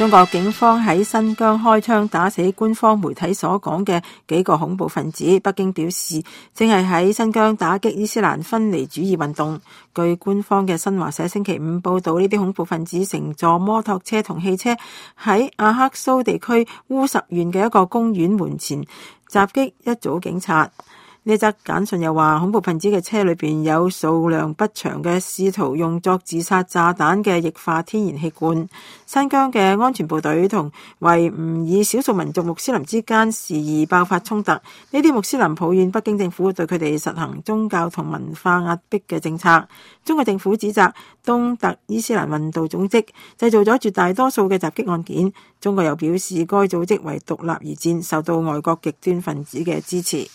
中國警方喺新疆開槍打死官方媒體所講嘅幾個恐怖分子，北京表示正係喺新疆打擊伊斯蘭分離主義運動。據官方嘅新華社星期五報道，呢啲恐怖分子乘坐摩托車同汽車喺阿克蘇地區烏什縣嘅一個公園門前襲擊一組警察。呢則簡訊又話，恐怖分子嘅車裏邊有數量不詳嘅試圖用作自殺炸彈嘅液化天然氣罐。新疆嘅安全部隊同維吾爾少數民族穆斯林之間時而爆發衝突。呢啲穆斯林抱怨北京政府對佢哋實行宗教同文化壓迫嘅政策。中國政府指責東突伊斯蘭運動組織製造咗絕大多數嘅襲擊案件。中國又表示，該組織為獨立而戰，受到外國極端分子嘅支持。